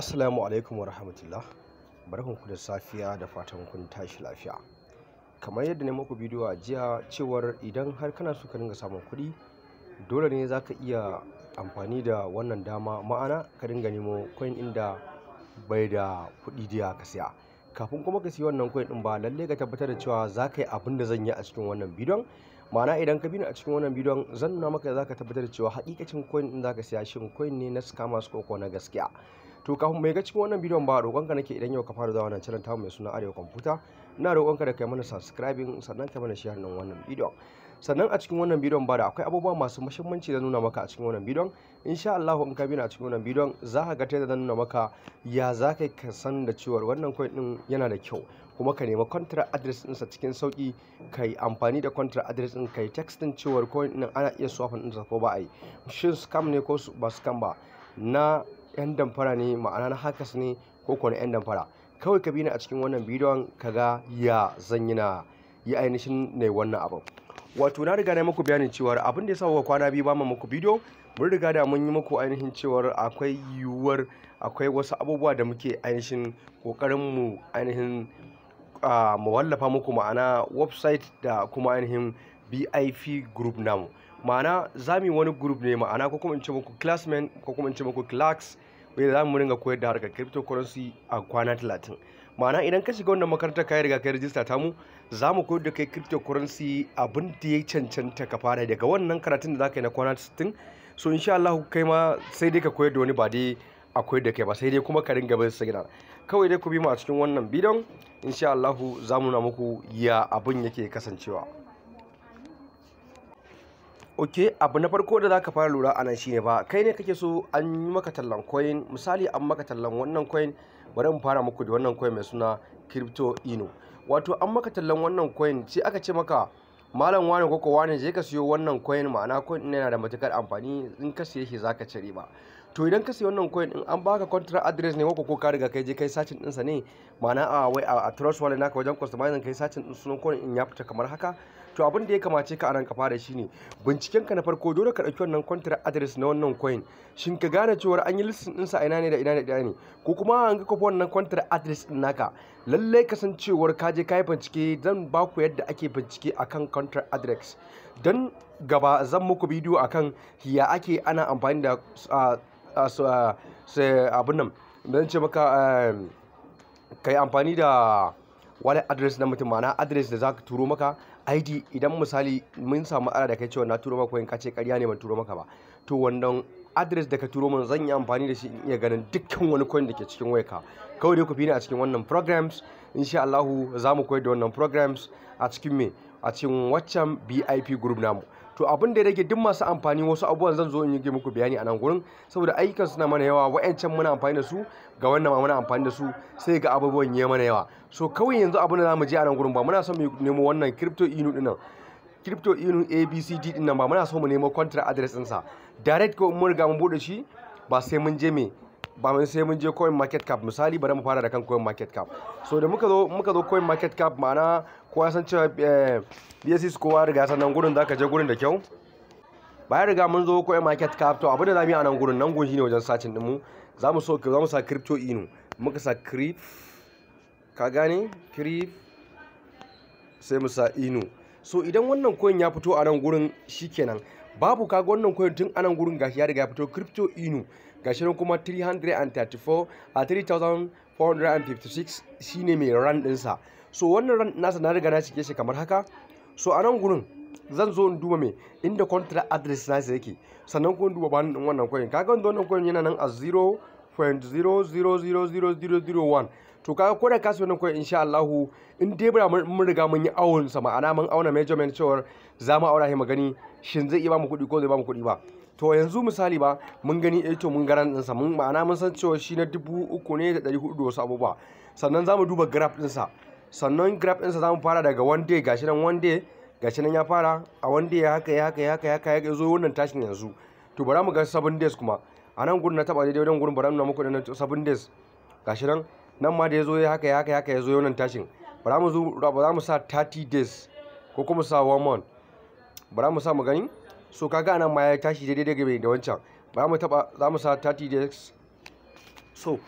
Assalamu alaikum wa rahmatullah barkanku da safiya da fatan kun tashi lafiya kamar yadda na muku bidiyo a jiya cewar idan har kana so ka dinga samun kuɗi dole ne za iya amfani da wannan dama ma'ana ka dinga nemo coin inda bai da kuɗi da ka siya kafin kuma ka siya wannan coin din ba lalle ka tabbatar da cewa za ka yi abin da zan yi a cikin wannan bidiyon ma'ana idan ka bi ni a cikin wannan bidiyon zan nuna maka za ka tabbatar da cewa hakikacin coin din zaka ka siya shin coin ne na scammers ko na gaskiya to kafin mai ga cikin wannan bidiyon ba roƙonka nake idan yau ka fara zuwa wannan channel tamu mai suna Arewa Computer ina roƙonka da kai mana subscribing sannan kai mana share nan wannan bidiyon sannan a cikin wannan bidiyon ba da akwai abubuwa masu muhimmanci da nuna maka a cikin wannan bidiyon insha Allah in ka bi a cikin wannan bidiyon za ka ga ta da nuna maka ya za ka ka san da cewa wannan coin din yana da kyau kuma ka nema contract address ɗinsa cikin sauki ka yi amfani da contract address ɗin ka yi text ɗin cewar coin din ana iya swap ɗinsa ko ba a yi shin scam ne ko ba scam ba na 'yan damfara ne ma'ana na hakas ne ko kuwa 'yan damfara kawai ka bi ni a cikin wannan bidiyon ka ga ya zan na yi ainihin ne wannan abu wato na riga na muku bayani cewar abin da ya sa kwana biyu ba mu muku bidiyo mun riga da mun yi muku ainihin cewar akwai yiwuwar akwai wasu abubuwa da muke ainihin kokarin mu ainihin mu wallafa muku ma'ana website da kuma ainihin bip group namu ma'ana za mu yi wani group ne ma'ana ko kuma in ce muku classmen ko kuma in ce muku clerks wanda za mu ringa koyar da harkar cryptocurrency a kwana talatin ma'ana idan ka shiga wannan makarantar ka riga kai rijista ta mu za mu koyar da kai cryptocurrency abin da ya cancanta ka fara daga wannan karatun da za ka yi na kwana 60 so insha Allah kai ma sai dai ka koyar da wani ba dai a koyar da kai ba sai dai kuma ka ringa bin signal kawai dai ku bi mu a cikin wannan bidon insha Allah za mu na muku ya abin yake kasancewa ok abu na farko da zaka fara lura anan shine ba kai ne kake so an yi maka tallan coin misali an maka tallan wannan coin bari mu fara muku da wannan coin mai suna crypto ino wato an maka tallan wannan coin sai aka ce maka malam wani koko wani je ka siyo wannan coin ma'ana coin din yana da matukar amfani in ka siye shi zaka ci riba to idan ka siyo wannan coin din an baka contract address ne koko ka riga kai je kai sacin din sa ne ma'ana a wai a trust wallet naka wajen customizing kai sacin din sunan coin in ya fita kamar haka to abin da ya kamace ka a ka fara shine binciken ka na farko dole ka dauki wannan contract address na wannan coin shin ka gane cewa an yi listing din sa ina ne da ina ne da ne ko kuma an ga kofa wannan contract address din naka lalle cewa ka je kai bincike zan ba ku yadda ake bincike akan contract address dan gaba zan muku bidiyo akan ya ake ana amfani da abin nan zan ce maka eh, kai amfani da wallet adres na mutum ma'ana address da za ka turo maka id idan misali mun samu ara da kai cewa na turo maka wayan kace ce karya ne ban turo maka ba to wannan adres da ka turo mun zan yi amfani da shi in iya ganin dukkan wani coin da ke cikin wayarka kawai dai ku fi ni a cikin wannan programs insha Allahu za mu koyar da wannan programs a cikin me a cikin waccan BIP group namu to abin da ya rage duk masu amfani wasu abubuwan zan zo in yi muku bayani a nan gurin saboda ayyukan suna mana yawa wa'ancan muna amfani da su ga wannan ma muna amfani da su sai ga abubuwan ya mana yawa so kawai yanzu abin da zamu je a nan gurin ba muna son mu nemo wannan crypto inu dinnan crypto inu abcd dinnan ba muna son mu nemo contract address sa direct ko mun riga mun bude shi ba sai mun je me ba mun sai mun je coin market cap misali bari mu fara da kan coin market cap so da muka zo muka zo coin market cap ma'ana kowa san cewa eh, BSC kowa riga sannan gurin ka je gurin da kyau bayan riga mun zo coin market cap to abin da zamu yi a nan gurin nan gurin shine wajen sacin din mu zamu so zamu sa crypto inu muka sa crip ka gane crip sai mu sa inu so idan wannan coin ya fito a nan gurin shikenan babu kaga wannan coin tun a nan gurin gashi ya riga ya fito crypto inu gashi nan kuma 334 a 3456 shine mai ran dinsa so wannan ran nasa na riga na cike shi kamar haka so a nan gurin zan zo in duba me inda contract address nasa yake sannan kuma duba banin din wannan coin kaga wannan coin yana nan a 0.0000001 to kaga ko da kasu wannan coin insha Allahu in dai ba mun riga mun yi awon sa ma'ana mun auna measurement cewa za mu aura shi magani shin zai iya ba mu kuɗi ko zai ba mu kuɗi ba to yanzu misali ba mun gani eh to mun garan sa mun ma'ana mun san cewa shi na dubu uku ne da dari hudu wasu abubuwa sannan za mu duba graph sa sannan graph sa za mu fara daga one day gashi nan one day gashi nan ya fara a one day ya haka ya haka ya haka ya haka ya zo wannan tashin yanzu to bara mu ga seven days kuma a nan gurin na taɓa daidai wajen gurin bara nuna muku da seven days gashi nan nan ma da ya zo ya haka ya haka ya haka ya zo wannan tashin bara mu zo bara mu sa 30 days ko kuma sa one month bara mu sa mu gani so kaga nan ma ya tashi daidai daga da wancan ba mu taba za mu sa 30 days so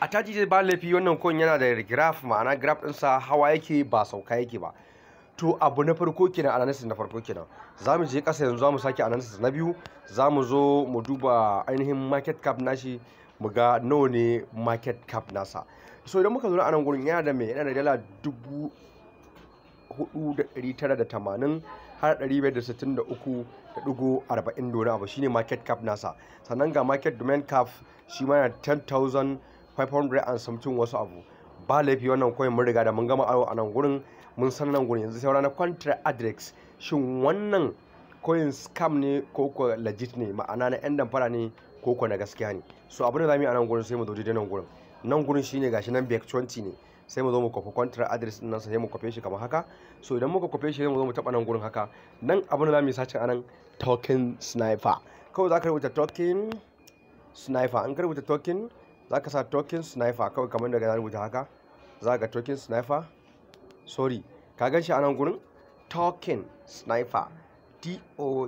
a 30 days ba laifi wannan kon yana da graph ma'ana graph sa hawa yake ba sauka yake ba to abu na farko kenan analysis na farko kenan za mu je ƙasa yanzu za mu sake analysis na biyu za mu zo mu duba ainihin market cap nashi mu ga nawa ne market cap nasa so idan muka zo a gurin yana da mai yana da dala dubu 4,980 har 563.40 dola abu shine market cap nasa sannan ga market domain cap shi ma yana 10,500 something wasu abu ba laifi wannan kawai mun riga da mun gama aro a nan gurin mun san nan gurin yanzu sai na contra address shin wannan coin scam ne ko ko legit ne ma'ana na yan damfara ne ko ko na gaskiya ne so abin da zamu yi a nan gurin sai mu zo daidai nan gurin nan gurin shine gashi nan back 20 ne sai mu zo mu kofa kwantar adres din nan sai mu kofe shi kamar haka so idan muka kofe shi sai mu zo mu taba nan gurin haka nan abin da zamu yi sacin anan token sniper kawai zaka rubuta token sniper an ka rubuta token zaka sa token sniper kawai kamar daga rubuta haka zaka token sniper sorry ka gan shi anan gurin token sniper t o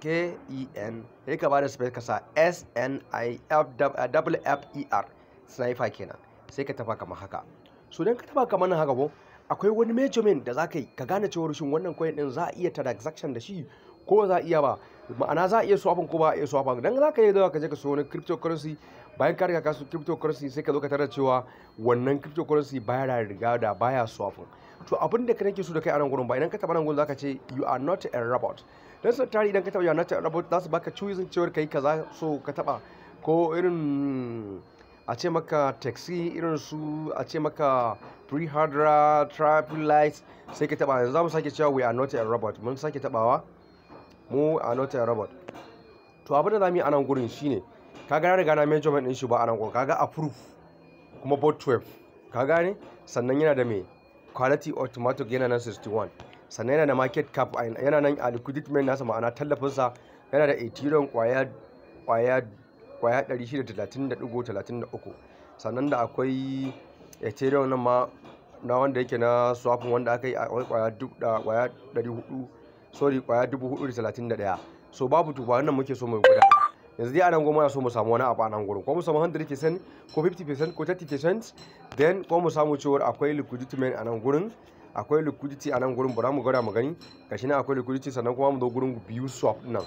k e n sai ka bada space ka sa s n i f w e r sniper kenan sai ka tafa kamar haka so don ka taba kamar haka ko akwai wani measurement da za ka yi ka gane cewar shi wannan coin din za a iya transaction da shi ko za a iya ba ma'ana za a iya swapping ko ba a iya swapping dan za ka yi da ka je ka so wani cryptocurrency bayan ka riga ka so cryptocurrency sai ka zo ka tarar cewa wannan cryptocurrency baya da riga da baya swapping to abin da ka nake so da kai a nan gurin ba idan ka taba nan gurin ka ce you are not a robot dan sai tare idan ka taba you are not a robot za su baka choosing cewar kai kaza so ka taba ko irin a ce maka taxi irin su a ce maka prehadra traffic lights sai ka taba yanzu za mu sake cewa we are not a robot mun sake tabawa mu a not a robot to abin da za yi a nan gurin shine ka ga riga na man din shi ba a nan ga approve kuma bot 12 ka gane sannan yana da me quality automatic yana nan 61 sannan yana da market cap yana nan a liquidity nasa ma'ana tallafinsa yana da ethereum kwaya kwaya kwaya 630.33 sannan da akwai ethereum na ma na wanda yake na swapin wanda aka yi a kwaya 400 sorry kwaya 431 so babu tuba nan muke so mai guda yanzu dai anan goma na so mu samu wani abu anan gurin ko mu samu 100% ko 50% ko 30% then ko mu samu cewar akwai liquidity man anan gurin akwai liquidity anan gurin bara mu gwada mu gani gashi nan akwai liquidity sannan kuma mu zo gurin biyu swap nan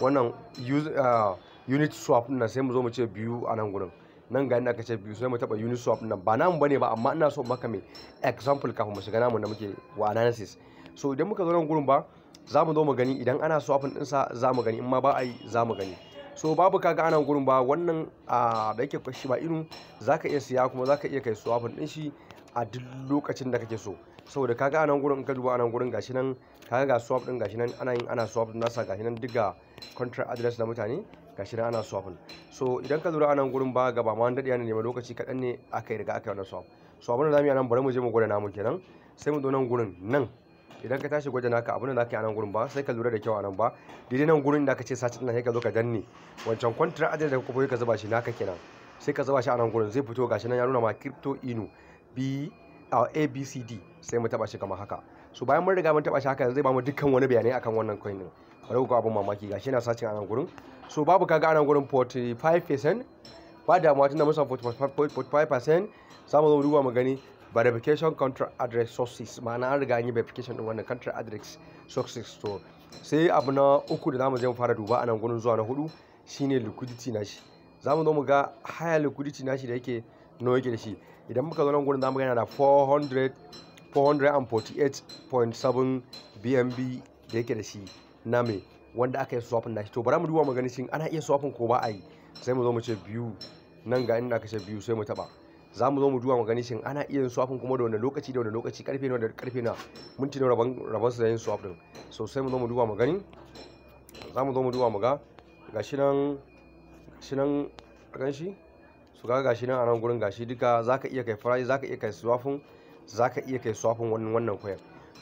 wannan use ah, unit swap nan sai mu zo mu ce biyu a nan gurin nan ga inda aka biyu sai mu taba unit swap nan ba namu bane ba amma ina so maka mai example kafin mu shiga namu da muke wa analysis so idan muka zo nan gurin ba za mu zo mu gani idan ana din sa za mu gani in ma ba a yi za mu gani so babu kaga anan gurin ba wannan a da yake kwashi ba inu zaka iya siya kuma za ka iya kai swap din shi a duk lokacin da kake so saboda kaga anan gurin in ka duba anan gurin gashi nan kaga ga swap din gashi nan ana yin ana swap din nasa gashi nan duk ga contract address na mutane gashi nan ana swap so idan ka lura anan gurin ba ga ba ma an dade ne neman lokaci kaɗan ne aka yi riga aka yi wannan swap so abin da zamu yi anan bari mu je mu gwada namu kenan sai mu zo nan gurin nan idan ka tashi gwada naka abin da zaka yi anan gurin ba sai ka lura da kyau anan ba daidai nan gurin da ka ce sace din sai ka zo ka danne wancan contract address da ka koyi ka zuba shi naka kenan sai ka zuba shi anan gurin zai fito gashi nan ya nuna ma crypto inu b abcd sai mu taba shi kamar haka so bayan mun riga mun taba shi haka yanzu zai mu dukkan wani bayanai akan wannan coin din bari ku abun mamaki gashi yana sacin a nan gurin so babu kaga a nan gurin 45% ba damuwa tunda mun samu 45% samu zo duba mu gani verification contract address sources ma'ana an riga an yi verification din wannan contract address sources to sai abu na uku da zamu je mu fara duba a nan gurin zuwa na hudu shine liquidity nashi zamu zo mu ga higher liquidity nashi da yake nawa yake da shi idan muka zo nan gurin zamu ga yana da 448.7 bnb da yake da shi na me wanda aka yi swapping da shi to bari mu duba mu gani shin ana iya swapping ko ba a yi sai mu zo mu ce biyu nan ga inda aka ce biyu sai mu taba za mu zo mu duba mu gani shin ana iya yin kuma da wani lokaci da wani lokaci karfe na da karfe na minti na rabon su da yin swap din so sai mu zo mu duba mu gani za mu zo mu duba mu ga gashi nan gashi nan gan shi su ga gashi nan a nan gurin gashi duka zaka iya kai farashi zaka iya kai swafin zaka iya kai swafin wannan wannan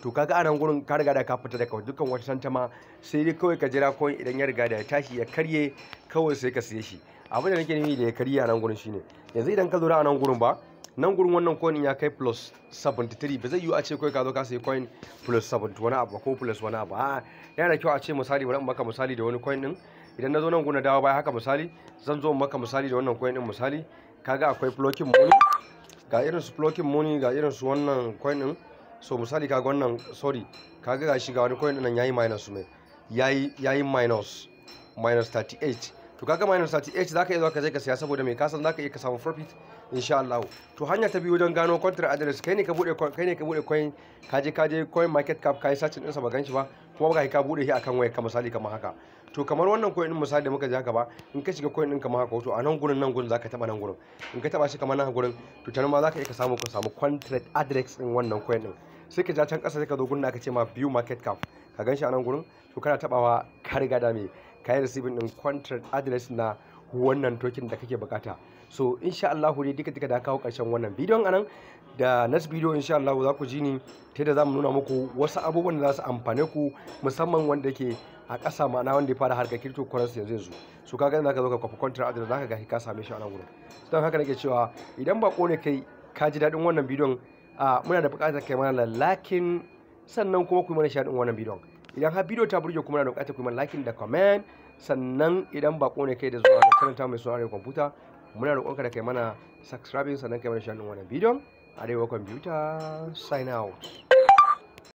to kaga a nan gurin ka riga da ka fita daga dukkan wata tantama sai dai kawai ka jira coin idan ya riga da ya tashi ya karye kawai sai ka siye shi abin da nake nemi da ya karye a nan gurin shine yanzu idan ka lura a nan gurin ba nan gurin wannan coin ya kai plus 73 ba zai yiwu a ce kawai ka zo ka sayi coin plus 70 wani abu ko plus wani abu a yana da kyau a ce misali bari in baka misali da wani coin din idan na zo nan guna dawo baya haka misali zan zo maka misali da wannan coin din misali kaga akwai flocking money ga irin su flocking money ga irin su wannan coin din so misali kaga wannan sorry kaga gashi ga wani coin din nan yayi minus mai yayi yayi minus minus 38 to kaga minus 38 zaka iya zuwa ka je ka siya saboda mai kasan zaka iya ka samu profit insha Allah to hanya ta biyu wajen gano contract address kai ne ka bude kai ne ka bude coin kaje kaje coin market cap kai search din sa ba ganshi ba kuma ba ka bude shi akan waya ka misali kamar haka to kamar wannan koyin din misali da muka ji haka ba in ka shiga koyin din kamar haka to a nan gurin nan gurin zaka taba nan gurin in ka taba shi kamar nan gurin to tana ma zaka iya samu ka samu contract address din wannan koyin din sai ka ja can kasa sai ka zo gurin da aka ce ma view market cap ka ganshi a nan gurin to kana tabawa ka riga da me ka receiving din contract address na wannan token da kake bukata so insha Allah ne duka duka da kawo karshen wannan bidiyon anan da next video insha Allah za ku ji ni ta da zamu nuna muku wasu abubuwan da za su amfane ku musamman wanda yake a ƙasa ma'ana wanda ya fara harkar kirto kwaransu yanzu yanzu su ka gani zaka zo ka kwafi kwantar adana zaka ga ka same shi a nan wurin don haka nake cewa idan bako ne kai ka ji daɗin wannan bidiyon muna da buƙatar kai mana lalakin sannan kuma ku yi mana shaɗin wannan bidiyon idan ha bidiyo ta burge kuma na buƙatar ku yi mana lakin da comment sannan idan bako ne kai da zuwa da karanta mai suna arewa kwamfuta muna roƙonka da kai mana subscribing sannan kai mana shaɗin wannan bidiyon arewa kwamfuta sign out